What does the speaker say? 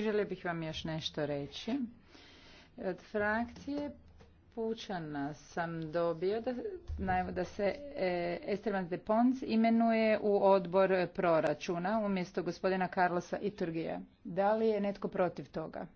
želio bih vam još nešto reći. Od frakcije Pučana sam dobio da, da se e, de Pons imenuje u odbor proračuna umjesto gospodina Carlosa Iturgija. Da li je netko protiv toga?